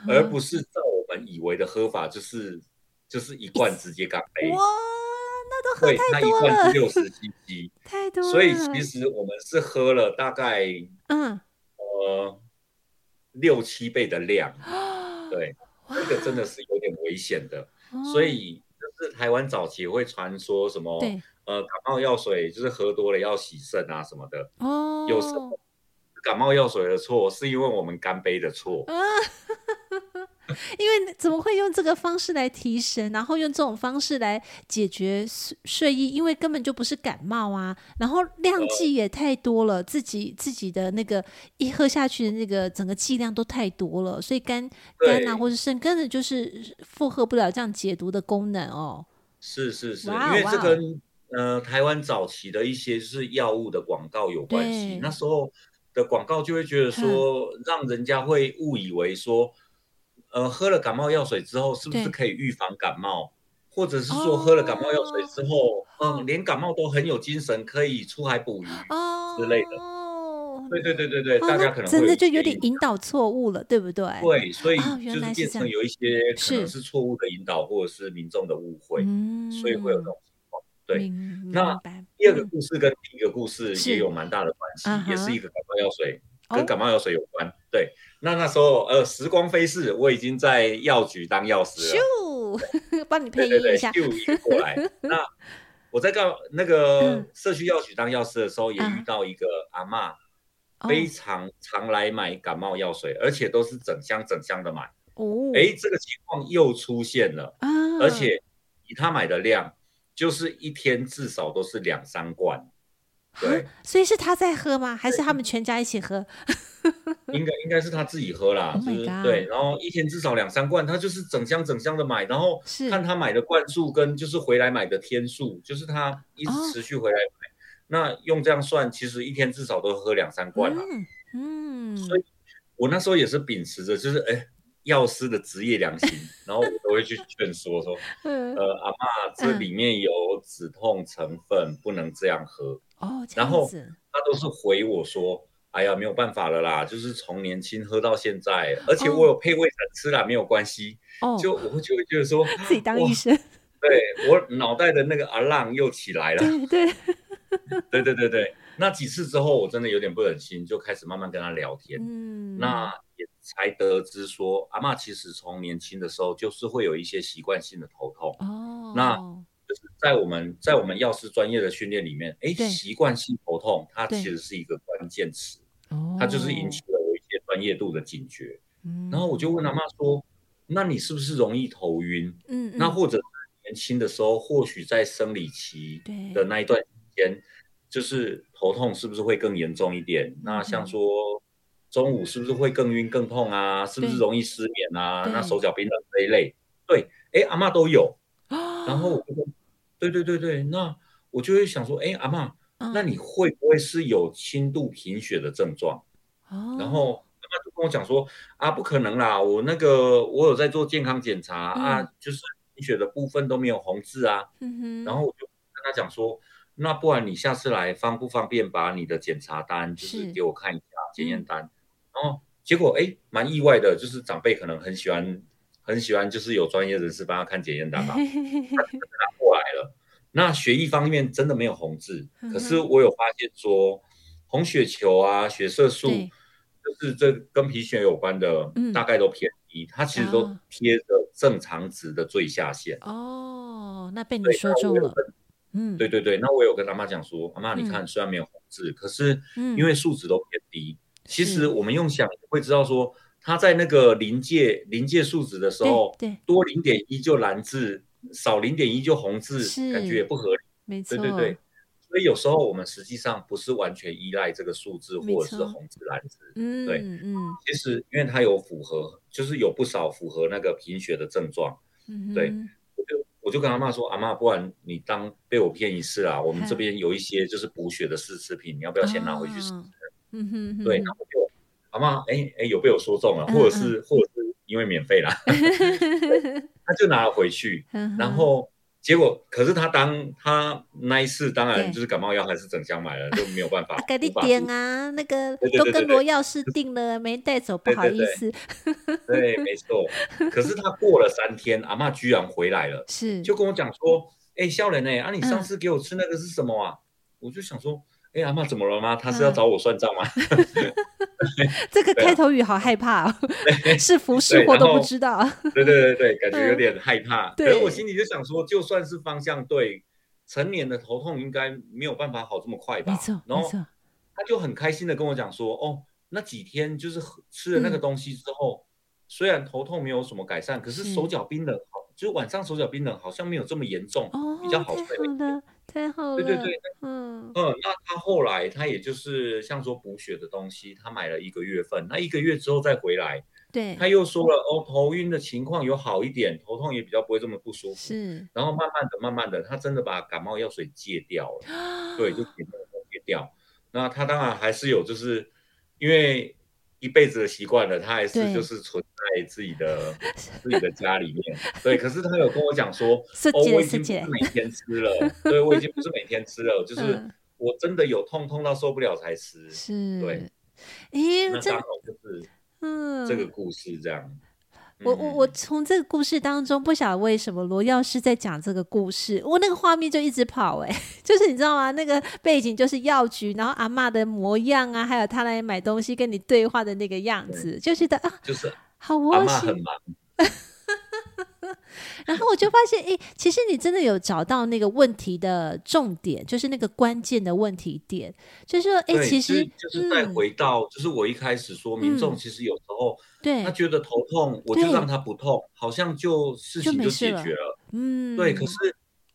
而不是照我們以為的喝法，就是就是一罐直接乾杯。哇，那都喝太多了。對，那一罐是六十 CC，太多了。所以其實我們是喝了大概、嗯、呃六七倍的量，對，這、那個真的是有點危險的。所以就是台灣早期會傳說什麼、嗯，呃，感冒藥水就是喝多了要洗腎啊什麼的。哦，有時候感冒藥水的錯是因為我們乾杯的錯。嗯因為怎麼會用這個方式來提神，然後用這種方式來解決睡睡意？因為根本就不是感冒啊，然後量劑也太多了，呃、自己自己的那個一喝下去的那個整個劑量都太多了，所以肝肝啊或是腎根本就是負荷不了這樣解毒的功能哦。是是是，wow, 因為這跟、wow. 呃台灣早期的一些就是藥物的廣告有關係，那時候的廣告就會覺得說，嗯、讓人家會誤以為說。呃，喝了感冒藥水之後，是不是可以預防感冒？或者是說，喝了感冒藥水之後，oh, 嗯，連感冒都很有精神，可以出海捕魚之類的？對、oh. 對對對對，oh, 大家可能會真的就有點引導錯誤了，對不對？對，所以就是變成有一些可能是錯誤的引導，或者是民眾的誤會，oh, 的的會，所以會有這種情況。對，那第二個故事跟第一個故事也有蠻大的關係，是 uh-huh. 也是一個感冒藥水，跟感冒藥水有關。Oh. 對。那那時候，呃，時光飛逝，我已經在藥局當藥師了。咻，幫你配音一下。對對對咻一個過來。 那我在告那個社區藥局當藥師的時候，也遇到一個阿媽、嗯，非常常來買感冒藥水，哦，而且都是整箱整箱的買。哦。哎、欸，這個情況又出現了。啊、哦。而且以他買的量，就是一天至少都是兩三罐。對，所以是他在喝嗎？還是他們全家一起喝？ 應該應該是他自己喝啦、就是 Oh my God。對，然後一天至少兩三罐，他就是整箱整箱的買，然後看他買的罐數跟就是回來買的天數，就是他一直持續回來買，oh. 那用這樣算，其實一天至少都喝兩三罐了。嗯、mm -hmm.，所以我那時候也是秉持着，就是哎。欸藥師的職業良心，然後我都會去勸說說、 嗯，呃，阿媽，這裡面有止痛成分，嗯、不能這樣喝。哦，然後他都是回我說，哎呀，沒有辦法了啦，就是從年輕喝到現在，而且我有配胃藥吃啦、哦，沒有關係、哦。就我會覺得就是說自己當醫生，對我腦袋的那個阿浪又起來了，對對 對對對。那幾次之後，我真的有點不忍心，就開始慢慢跟他聊天。嗯，那。才得知說，阿嬤其實從年輕的時候就是會有一些習慣性的頭痛哦。Oh. 那就是在我們在我們藥師專業的訓練裡面，哎、欸，習慣性頭痛它其實是一個關鍵詞它就是引起了我一些專業度的警覺。嗯、oh.，然後我就問阿嬤說、嗯，那你是不是容易頭暈？嗯,嗯，那或者年輕的時候，或許在生理期的那一段時間，就是頭痛是不是會更嚴重一點、嗯？那像說。中午是不是會更暈、更痛啊？是不是容易失眠啊？那手腳冰冷這一類，對，哎，阿嬤都有、哦。然後我就說，對對對對，那我就會想說，哎，阿嬤、嗯，那你會不會是有輕度貧血的症狀？哦、然後阿嬤就跟我講說，啊，不可能啦，我那個我有在做健康檢查、嗯、啊，就是貧血的部分都沒有紅字啊、嗯。然後我就跟他講說，那不然你下次來方不方便把你的檢查單，就是給我看一下檢驗單？哦，結果誒，蠻意外的，就是長輩可能很喜歡，很喜歡，就是有專業人士幫他看檢驗單嘛， 他拿過來了。那血液方面真的沒有紅字。可是我有發現說，紅血球啊、血色素，嗯、就是這跟貧血有關的，大概都偏低，它、嗯、其實都貼着正常值的最下限。哦，那被你說中了。對、嗯、對，對對，那我有跟媽媽講說，媽、嗯啊、媽你看，雖然沒有紅字，可是因為數值都偏低。嗯其實我們用想會知道說他、嗯、在那個臨界臨界數值的時候，多零點一就藍字，少零點一就紅字，感覺也不合理，沒錯，對對對。所以有時候我們實際上不是完全依賴這個數字或者是紅字藍字，嗯，對嗯，其實因為它有符合，就是有不少符合那個貧血的症狀，嗯，對。嗯、我就我就跟阿媽說，阿媽，不然你當被我騙一次啊？我們這邊有一些就是補血的試吃品，你要不要先拿回去吃、哦？嗯、哼哼對，然後就，阿媽哎哎，有被我說中了，或者是，嗯嗯或者是因為免費啦嗯嗯， 他就拿了回去。嗯、然後結果，可是他當他那一次，當然就是感冒藥還是整箱買了，就沒有辦法。他、啊啊、給你點啊，那個對對對對對都跟羅藥師定了，對對對沒帶走，不好意思。對，對，對，對， 對，沒錯。可是他過了三天，阿媽居然回來了，是就跟我講說，哎、欸，孝仁哎，啊，你上次給我吃那個是什麼啊？嗯、我就想說。哎、欸，呀，阿媽怎麼了嗎？他是要找我算賬嗎？嗯、 這個開頭語好害怕、哦， 是福是禍都不知道對 對。對對對對，感覺有點害怕。對、嗯、我心裡就想說，就算是方向對，成年的頭痛應該沒有辦法好這麼快吧。然後他就很開心的跟我講說，哦，那幾天就是吃了那個東西之後，嗯、雖然頭痛沒有什麼改善，嗯、可是手腳冰冷、嗯，就晚上手腳冰冷好像沒有這麼嚴重，哦、比較好睡。嗯太好了，對對對，嗯，嗯，那他後來他也就是像說補血的東西，他買了一個月份，那一個月之後再回來，對，他又說了哦，頭暈的情況有好一點，頭痛也比較不會這麼不舒服，是，然後慢慢的、慢慢的，他真的把感冒藥水戒掉了，啊、對，就戒掉了，那他當然還是有，就是因為。一輩子的習慣了，他還是就是存在自己的自己的家裡面。 對，可是他有跟我講說， 哦，我已經不是每天吃了， 對我已經不是每天吃了， 就是我真的有痛痛到受不了才吃。是，對。欸、那剛好就是這個故事這樣。 嗯我我我從這個故事當中不曉得為什麼羅藥師在講這個故事，我那個畫面就一直跑哎、欸，就是你知道嗎？那個背景就是藥局，然後阿嬤的模樣啊，還有他來買東西跟你對話的那個樣子，就覺得啊，就是好窩心。 然後我就發現，哎、欸，其實你真的有找到那個問題的重點，就是那個關鍵的問題點，就是說，哎、欸，其實就是再回到、嗯，就是我一開始說，民眾其實有時候。對對，他覺得頭痛，我就讓他不痛，好像就事情就解決了，就沒事了。嗯，對。可是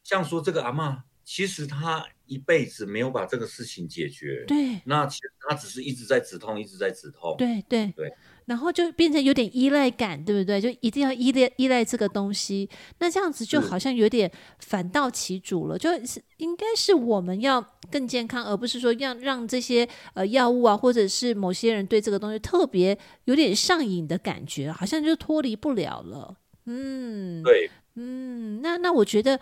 像說這個阿嬤，其實她一輩子沒有把這個事情解決。對。那其實她只是一直在止痛，一直在止痛。對對對。對然後就變成有點依賴感，對不對？就一定要依賴依賴這個東西，那這樣子就好像有點反倒其主了。嗯、就是應該是我們要更健康，而不是說讓讓這些呃藥物啊，或者是某些人對這個東西特別有點上癮的感覺，好像就脫離不了了。嗯，對，嗯，那那我覺得。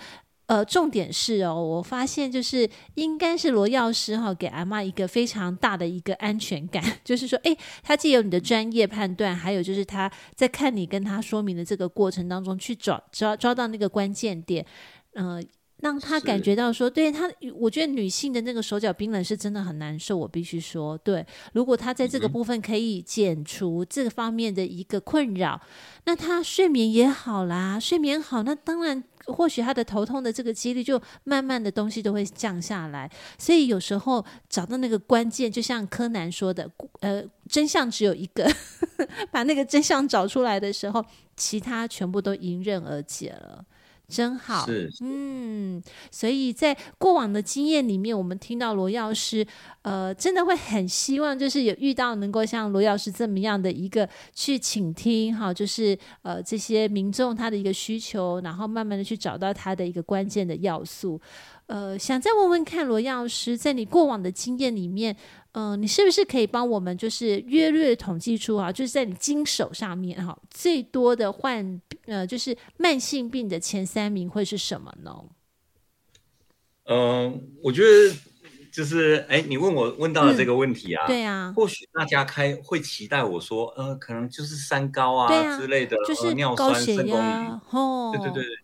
呃，重點是哦，我發現就是應該是羅藥師哈給阿嬤一個非常大的一個安全感，就是說，哎，他既有你的專業判斷，還有就是他在看你跟他說明的這個過程當中去找抓抓到那個關鍵點，嗯、呃。讓他感覺到說，對他，我覺得女性的那個手腳冰冷是真的很難受。我必須說，對，如果她在這個部分可以解除這個方面的一個困擾嗯嗯，那她睡眠也好啦，睡眠好，那當然，或許她的頭痛的這個幾率就慢慢的東西都會降下來。所以有時候找到那個關鍵，就像柯南說的，呃，真相只有一個， 把那個真相找出來的時候，其他全部都迎刃而解了。真好，是，嗯，所以在過往的經驗裡面，我們聽到羅藥師，呃，真的會很希望，就是有遇到能夠像羅藥師這麼樣的一個去傾聽，哈，就是呃，這些民眾他的一個需求，然後慢慢的去找到他的一個關鍵的要素。呃，想再問問看羅藥師，在你過往的經驗裡面，嗯、呃，你是不是可以幫我們就是約略統計出啊，就是在你經手上面哈，最多的患呃就是慢性病的前三名會是什麼呢？嗯、呃，我覺得就是哎、欸，你問我問到了這個問題啊，嗯、對啊，或許大家開會期待我說，呃，可能就是三高啊之類的，啊、就是、呃、尿酸、高血壓，哦，對對對對、哦、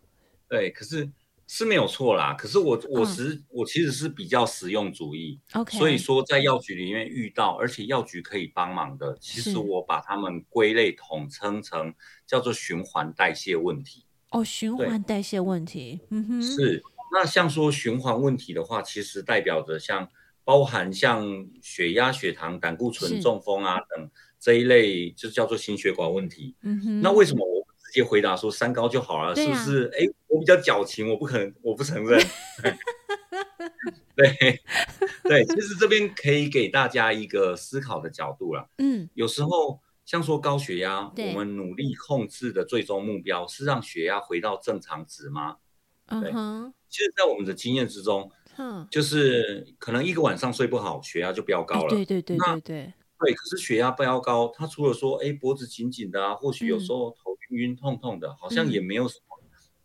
對，可是。是沒有錯啦，可是我我實、嗯、我其實是比較實用主義，OK，所以說在藥局裡面遇到，而且藥局可以幫忙的，其實我把它們歸類統稱成叫做循環代謝問題。哦，循環代謝問題，嗯哼，是。那像說循環問題的話，其實代表着像包含像血壓、血糖、膽固醇、中風啊等這一類，就叫做心血管問題。嗯哼，那為什麼我？就回答說三高就好了，啊、是不是？哎，我比較矯情，我不可能，我不承認。 對對，對，其實這邊可以給大家一個思考的角度了。嗯，有時候像說高血壓，我們努力控制的最終目標是讓血壓回到正常值嗎？嗯、對、嗯，其實，在我們的經驗之中、嗯，就是可能一個晚上睡不好，血壓就飆高了。哎、對對對對對那對，可是血壓飆高，他除了說哎脖子緊緊的啊，或許有時候、嗯。暈痛痛的，好像也沒有什麼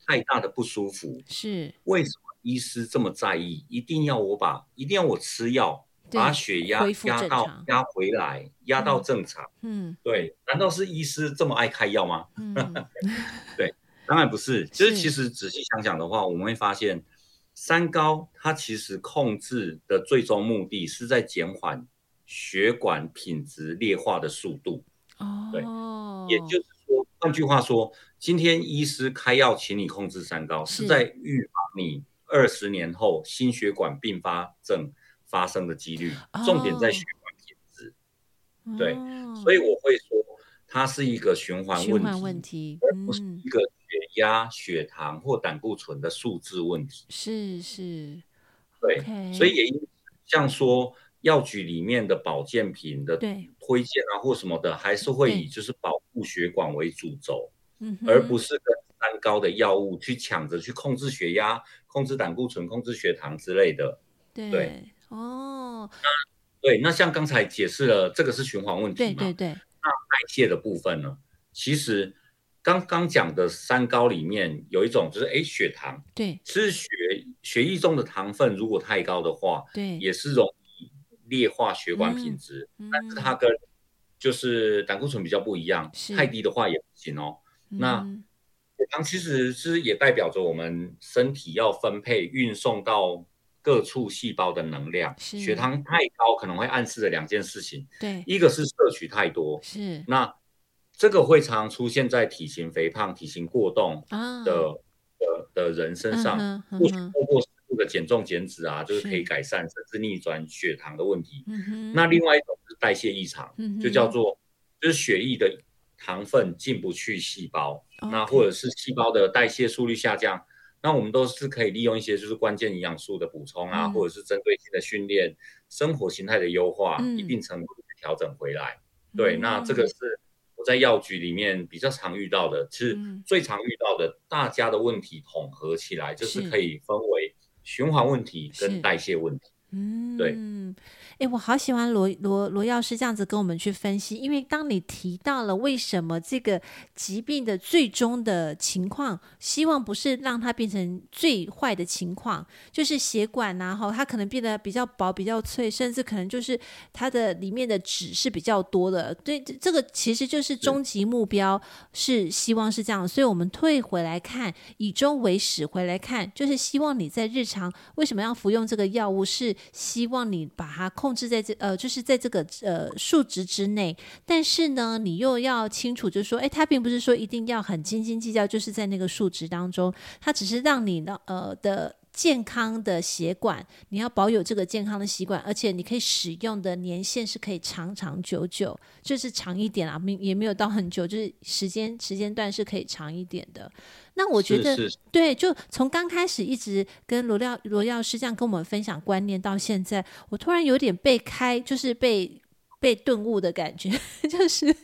太大的不舒服。嗯、是為什麼醫師這麼在意？一定要我把，一定要我吃藥，把血壓壓到壓、嗯、回來，壓到正常。嗯，對，難道是醫師這麼愛開藥嗎？嗯、 對，當然不是。其實，其實仔細想想的話，我們會發現，三高它其實控制的最終目的是在減緩血管品質劣化的速度。哦，對，也就是。換句話說，今天醫師開藥，請你控制三高，是，是在預防你二十年後心血管併發症發生的幾率。哦、重點在血管品質，對、哦，所以我會說，它是一個循環問題，問題而不是一個血壓、嗯、血糖或膽固醇的數字問題。是是，對，Okay、所以也因像說藥局裡面的保健品的對。推薦啊或什麼的，還是會以就是保護血管為主軸，嗯，而不是跟三高的藥物去搶着去控制血壓、控制膽固醇、控制血糖之類的。對，對哦，那對，那像剛才解釋了，這個是循環問題嘛？對，對，對那代謝的部分呢？其實剛剛講的三高裡面有一種就是誒、欸、血糖，對，是血血液中的糖分如果太高的話，對，也是一種。劣化血管品質、嗯嗯，但是它跟就是膽固醇比較不一樣，太低的話也不行哦。嗯、那血糖其實是也代表着我們身體要分配運送到各處細胞的能量，血糖太高可能會暗示了兩件事情，對，一個是攝取太多，是那這個會常出現在體型肥胖、體型過動的的、啊呃、的人身上，不、嗯、不這個減重減脂啊，就是可以改善甚至逆轉血糖的問題。Mm -hmm. 那另外一種是代謝異常，mm -hmm. 就叫做就是血液的糖分進不去細胞，okay. 那或者是細胞的代謝速率下降。那我們都是可以利用一些就是關鍵營養素的補充啊，mm -hmm. 或者是針對性的訓練、生活形態的優化，一定程度的去調整回來。Mm -hmm. 對，那這個是我在藥局裡面比較常遇到的，mm -hmm. 是最常遇到的大家的問題統合起來，mm -hmm. 就是可以分為。循環問題跟代謝問題，嗯，對。哎，我好喜歡羅羅羅藥師這樣子跟我們去分析，因為當你提到了為什麼這個疾病的最終的情況，希望不是讓它變成最壞的情況，就是血管啊，然後它可能變得比較薄，比較脆，甚至可能就是它的裡面的脂是比較多的。對，這個其實就是終極目標是希望是這樣，所以我們退回來看，以終為始，回來看就是希望你在日常為什麼要服用這個藥物，是希望你把它控。控制在這呃，就是在這個呃數值之內，但是呢，你又要清楚，就是說，哎，它並不是說一定要很斤斤計較，就是在那個數值當中，它只是讓你呢呃的。呃的健康的血管，你要保有這個健康的習慣，而且你可以使用的年限是可以長長久久，就是長一點啊，沒也沒有到很久，就是時間時間段是可以長一點的。那我覺得，是是對，就從剛開始一直跟羅廖羅藥師這樣跟我們分享觀念到現在，我突然有點被開，就是被。被頓悟的感覺，就是，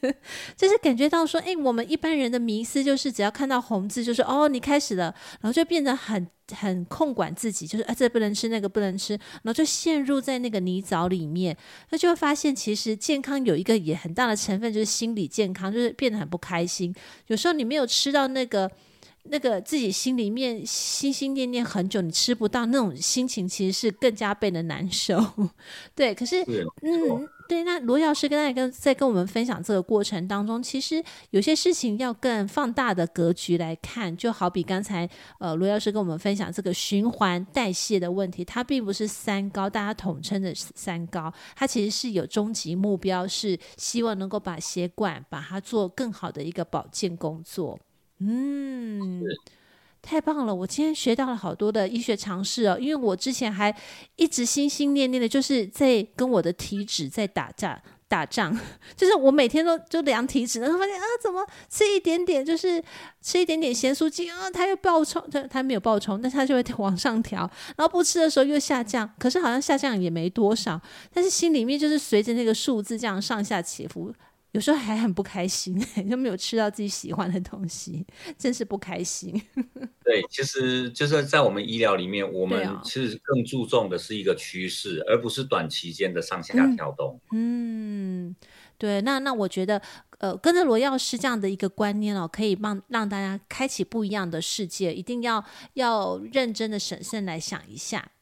就是感覺到說，誒、欸，我們一般人的迷思就是，只要看到紅字，就是哦，你開始了，然後就變得很很控管自己，就是啊、呃，這不能吃，那個不能吃，然後就陷入在那個泥沼裡面，那就會發現，其實健康有一個也很大的成分就是心理健康，就是變得很不開心。有時候你沒有吃到那個那個自己心裡面心心念念很久，你吃不到那種心情，其實是更加變得難受。對，可是嗯。哦對，那羅藥師跟在跟在跟我們分享這個過程當中，其實有些事情要更放大的格局來看，就好比剛才呃羅藥師跟我們分享這個循環代謝的問題，它並不是三高大家統稱的三高，它其實是有終極目標，是希望能夠把血管把它做更好的一個保健工作，嗯。太棒了！我今天學到了好多的醫學常識哦，因為我之前還一直心心念念的，就是在跟我的體脂在打仗打仗，就是我每天都就量體脂，然後發現啊，怎麼吃一點點，就是吃一點點鹹酥雞啊，它又爆衝，它它沒有爆衝，但是它就會往上調。然後不吃的時候又下降，可是好像下降也沒多少。但是心裡面就是隨着那個數字這樣上下起伏。有時候還很不開心，都沒有吃到自己喜歡的東西，真是不開心。 對，其實就是在我們醫療裡面，我們是更注重的是一個趨勢，對哦，而不是短期間的上下跳動。嗯，嗯對。那那我覺得，呃，跟着羅藥師這樣的一個觀念哦，可以幫讓大家開啟不一樣的世界。一定要要認真的審慎來想一下。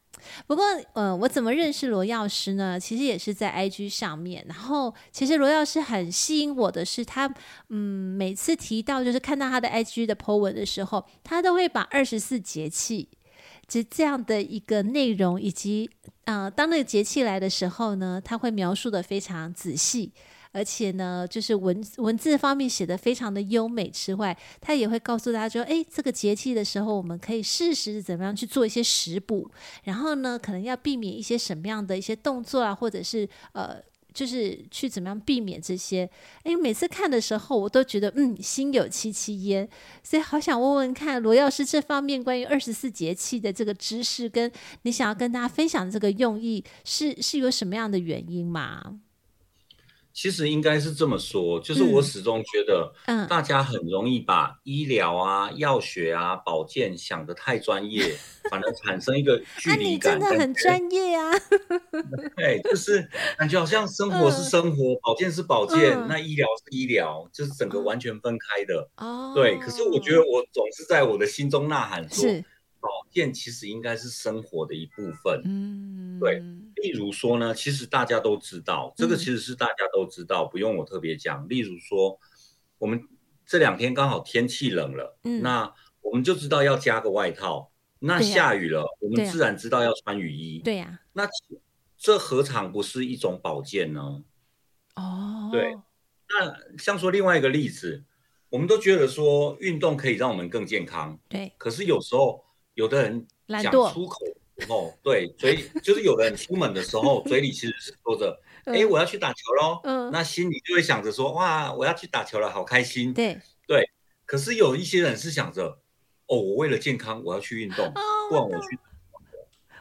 不過，呃，我怎麼認識羅藥師呢？其實也是在 IG 上面。然後，其實羅藥師很吸引我的是他，他嗯，每次提到就是看到他的 IG 的 po 文的時候，他都會把二十四節氣，就這樣的一個內容，以及啊、呃，當那個節氣來的時候呢，他會描述得非常仔細。而且呢，就是文文字方面寫的非常的優美之外，他也會告訴大家說，哎，這個節氣的時候，我們可以適時怎麼樣去做一些食補，然後呢，可能要避免一些什麼樣的一些動作啊，或者是呃，就是去怎麼樣避免這些。哎，每次看的時候，我都覺得嗯，心有戚戚焉，所以好想問問看羅藥師這方面關於二十四節氣的這個知識，跟你想要跟大家分享的這個用意，是是有什麼樣的原因嗎？其實應該是這麼說，就是我始終覺得，大家很容易把醫療啊、藥學啊、保健想得太專業，反而產生一個距離感。 啊，你真的很專業啊！ 對，就是感覺好像生活是生活，呃、保健是保健，呃、那醫療是醫療，就是整個完全分開的。哦，對。可是我覺得我總是在我的心中吶喊說，保健其實應該是生活的一部分。嗯，對。例如說呢，其實大家都知道、嗯，這個其實是大家都知道，不用我特別講。例如說，我們這兩天剛好天氣冷了，嗯、那我們就知道要加個外套、對啊。那下雨了，我們自然知道要穿雨衣。對呀、啊啊，那這何嘗不是一種保健呢？哦，對。那像說另外一個例子，我們都覺得說運動可以讓我們更健康。對。可是有時候有的人講出口。哦，對，所以就是有人出門的時候， 嘴裡其實是說着“哎、嗯欸，我要去打球嘍”，嗯，那心裡就會想着說：“哇，我要去打球了，好開心。對”對對，可是有一些人是想着：“哦，我為了健康，我要去運動、哦，不然我去。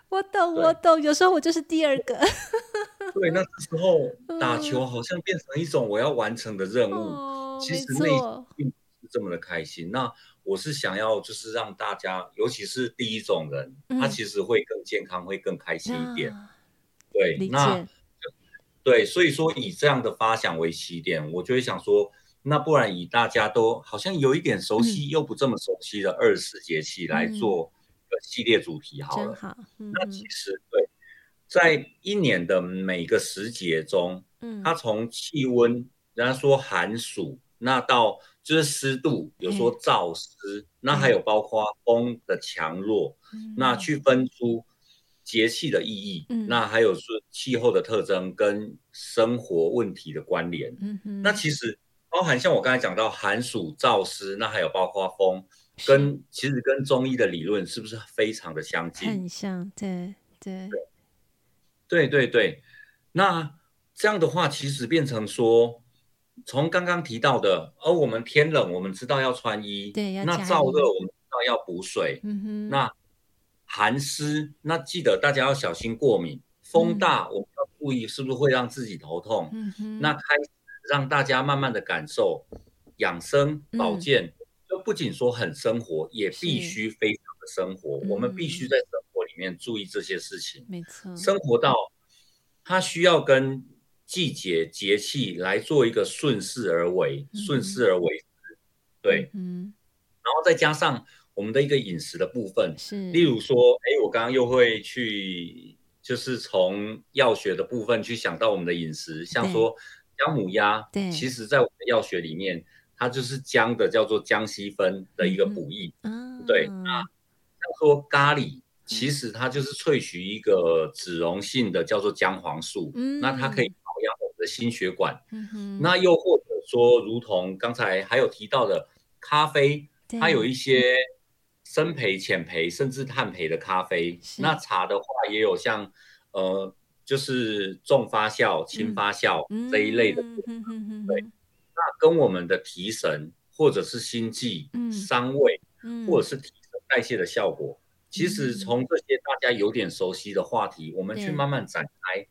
我”我懂，我懂。有時候我就是第二個。 對，那時候打球好像變成一種我要完成的任務，哦、其實內心不是這麼的開心。那。我是想要，就是讓大家，尤其是第一種人，他其實會更健康，嗯、會更開心一點。啊、對，那對，所以說以這樣的發想為起點，我就會想說，那不然以大家都好像有一點熟悉，嗯、又不這麼熟悉的二十節氣來做個系列主題好了。嗯真好嗯、那其實對，在一年的每個時節中，嗯，他從氣溫，人家說寒暑。那到就是濕度，比、okay, 如說燥濕、嗯，那還有包括風的強弱、嗯，那去分出節氣的意義，嗯、那還有是氣候的特徵跟生活問題的關聯、嗯。那其實包含像我剛才講到寒暑燥濕，那還有包括風，跟其實跟中醫的理論是不是非常的相近？很像，對對對，對對對。那這樣的話，其實變成說。從剛剛提到的，而、哦、我們天冷，我們知道要穿衣，對，呀，那燥熱，我們知道要補水。嗯哼。那寒濕，那記得大家要小心過敏。嗯、風大，我們要注意是不是會讓自己頭痛？嗯哼。那開始讓大家慢慢的感受養生、嗯、保健，就不僅說很生活，也必須非常的生活。我們必須在生活裡面注意這些事情。沒錯。生活到、嗯，它需要跟。季節節，節氣來做一個順勢而為，嗯、順勢而為，對，嗯，然後再加上我們的一個飲食的部分，是，例如說，哎，我剛剛又會去，就是從藥學的部分去想到我們的飲食，像說薑母鴨，對，其實在我們的藥學裡面，它就是薑的叫做薑烯酚的一個補益，嗯、對、嗯，那像說咖喱、嗯，其實它就是萃取一個脂溶性的叫做薑黃素，嗯、那它可以。心血管、嗯，那又或者說，如同剛才還有提到的咖啡，它有一些深培、淺、嗯、培甚至碳培的咖啡。那茶的話，也有像呃，就是重發酵、輕發酵這一類的、嗯。對、嗯哼哼哼。那跟我們的提神，或者是心悸、嗯、傷胃，或者是提升代謝的效果，嗯、其實從這些大家有點熟悉的話題，嗯、我們去慢慢展開。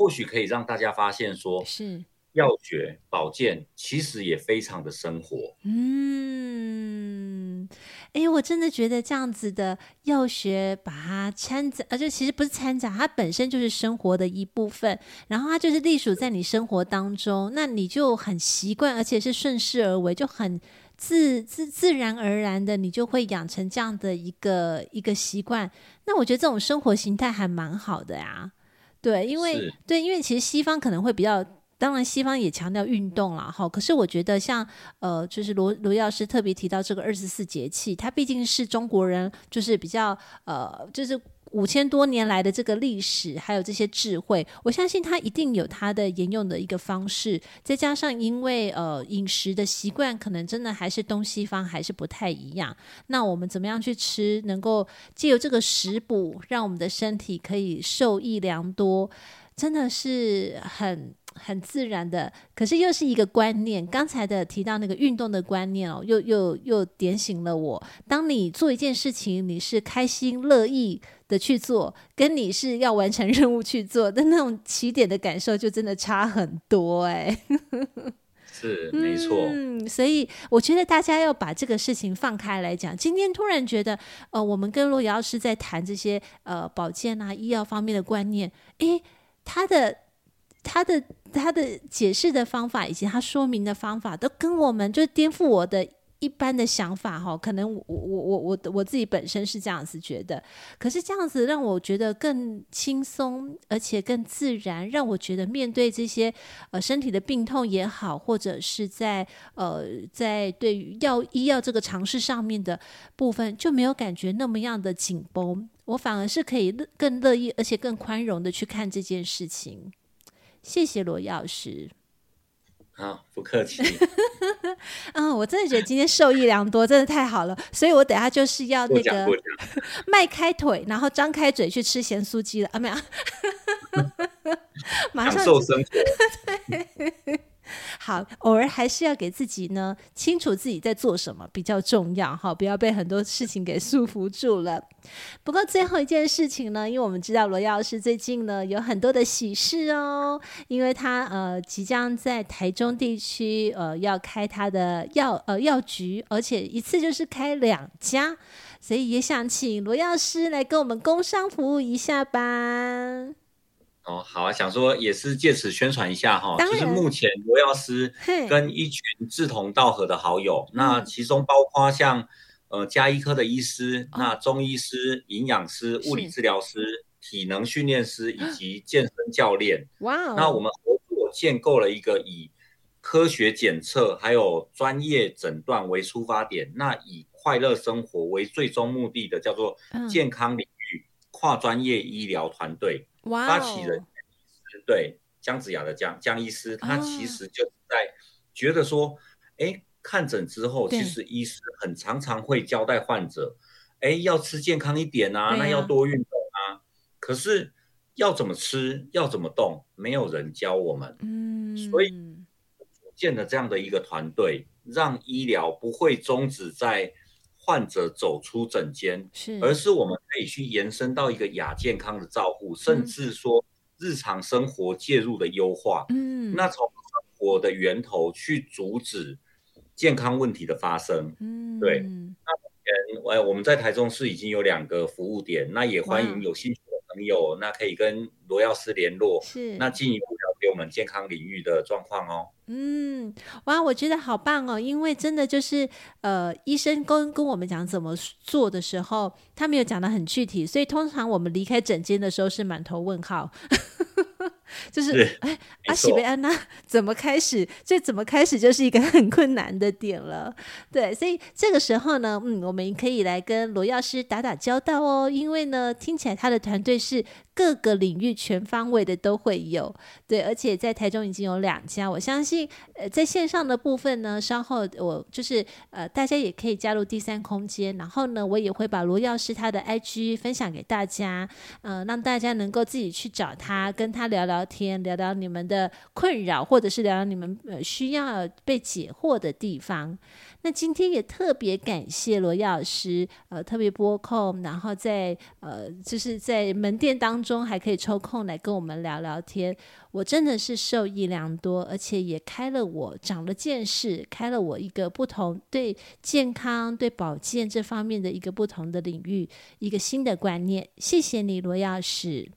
或許可以讓大家發現說，說是藥學保健其實也非常的生活。嗯，哎、欸，我真的覺得這樣子的藥學把它摻雜，而、啊、且其實不是摻雜，它本身就是生活的一部分。然後它就是隸屬在你生活當中，那你就很習慣，而且是順勢而為，就很自自自然而然的，你就會養成這樣的一個一個習慣。那我覺得這種生活形態還蠻好的呀、啊。對，因為對，因為其實西方可能會比較，當然西方也強調運動啦，哈，可是我覺得像呃，就是羅羅藥師特別提到這個二十四節氣，他畢竟是中國人，就是比較呃，就是。五千多年來的這個歷史，還有這些智慧，我相信它一定有它的沿用的一個方式。再加上，因為呃飲食的習慣，可能真的還是東西方還是不太一樣。那我們怎麼樣去吃，能夠借由這個食補，讓我們的身體可以受益良多，真的是很很自然的。可是又是一個觀念，剛才的提到那個運動的觀念哦，又又又點醒了我。當你做一件事情，你是開心樂意的去做，跟你是要完成任務去做的那種起點的感受就真的差很多哎、欸， 是沒錯、嗯。所以我覺得大家要把這個事情放開來講。今天突然覺得，呃，我們跟羅藥師在談這些呃保健啊、醫藥方面的觀念，誒、欸，他的他的他的解釋的方法以及他說明的方法，都跟我們就顛覆我的。一般的想法，哈，可能我我我我我自己本身是這樣子覺得，可是這樣子讓我覺得更輕鬆，而且更自然，讓我覺得面對這些呃身體的病痛也好，或者是在呃在對於藥醫藥這個嘗試上面的部分，就沒有感覺那麼樣的緊繃，我反而是可以更樂意，而且更寬容的去看這件事情。謝謝羅藥師。啊、哦，不客氣。 嗯，我真的覺得今天受益良多， 真的太好了。所以，我等下就是要那個邁 開腿，然後張開嘴去吃鹹酥雞了啊！沒有， 馬上瘦身。 對 好，偶爾還是要給自己呢，清楚自己在做什麼比較重要哈，不要被很多事情給束縛住了。不過最後一件事情呢，因為我們知道羅藥師最近呢有很多的喜事哦，因為他呃即將在台中地區呃要開他的藥呃藥局，而且一次就是開兩家，所以也想請羅藥師來跟我們工商服務一下吧。哦，好啊，想說也是借此宣傳一下哈，就是目前羅藥師跟一群志同道合的好友，那其中包括像、嗯、呃家醫科的醫師，哦、那中醫師、營養師、物理治療師、體能訓練師以及健身教練、啊。哇、哦、那我們合作建構了一個以科學檢測還有專業診斷為出發點，那以快樂生活為最終目的的叫做健康領域。嗯跨專業醫療團隊，發起人，對，姜子牙的姜姜醫師，他其實就是在覺得說，哎、oh. 欸，看診之後，其實醫師很常常會交代患者，哎、欸，要吃健康一點啊，啊那要多運動啊，可是要怎麼吃，要怎麼動，沒有人教我們，嗯、mm.，所以建了這樣的一個團隊，讓醫療不會終止在，患者走出診間，而是我們可以去延伸到一個亞健康的照護，嗯，甚至說日常生活介入的優化。嗯，那從生活的源頭去阻止健康問題的發生。嗯，對。那目前，呃，我們在台中市已經有兩個服務點，那也歡迎有興趣。朋友，那可以跟羅藥師聯絡，是那進一步了解我們健康領域的狀況哦。嗯，哇，我覺得好棒哦，因為真的就是，呃，醫生跟跟我們講怎麼做的時候，他沒有講得很具體，所以通常我們離開診間的時候是滿頭問號。 就是、是，哎，阿西貝安娜怎麼開始？這怎麼開始就是一個很困難的點了。對，所以這個時候呢，嗯，我們可以來跟羅藥師打打交道哦，因為呢，聽起來他的團隊是。各個領域全方位的都會有，對，而且在台中已經有兩家。我相信，呃，在線上的部分呢，稍後我就是呃，大家也可以加入第三空間，然後呢，我也會把羅藥師他的 IG 分享給大家，呃，讓大家能夠自己去找他，跟他聊聊天，聊聊你們的困擾，或者是聊聊你們、呃、需要被解惑的地方。那今天也特別感謝羅藥師，呃，特別撥空，然後在呃，就是在門店當中。中還可以抽空來跟我們聊聊天，我真的是受益良多，而且也開了我長了見識，開了我一個不同對健康、對保健這方面的一個不同的領域，一個新的觀念。謝謝你，羅藥師。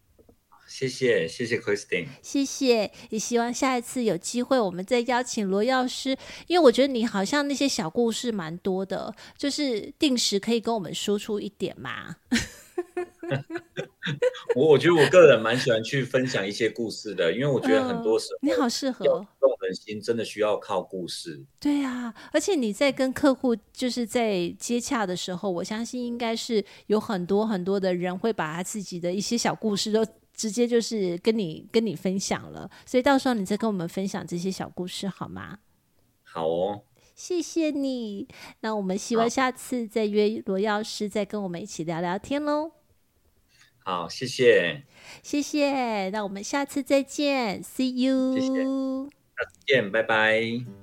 謝謝，謝謝 Christine。謝謝，也希望下一次有機會我們再邀請羅藥師，因為我覺得你好像那些小故事蠻多的，就是定時可以跟我們輸出一點嘛。 我我覺得我個人蠻喜歡去分享一些故事的，因為我覺得很多時候、呃、你好適合動人心，真的需要靠故事。對啊，而且你在跟客戶就是在接洽的時候，我相信應該是有很多很多的人會把他自己的一些小故事都。直接就是跟你跟你分享了，所以到時候你再跟我們分享這些小故事好嗎？好哦，謝謝你。那我們希望下次再約羅藥師，再跟我們一起聊聊天嘍。好，謝謝，謝謝。那我們下次再見，See you。謝謝。謝謝，下次見，拜拜。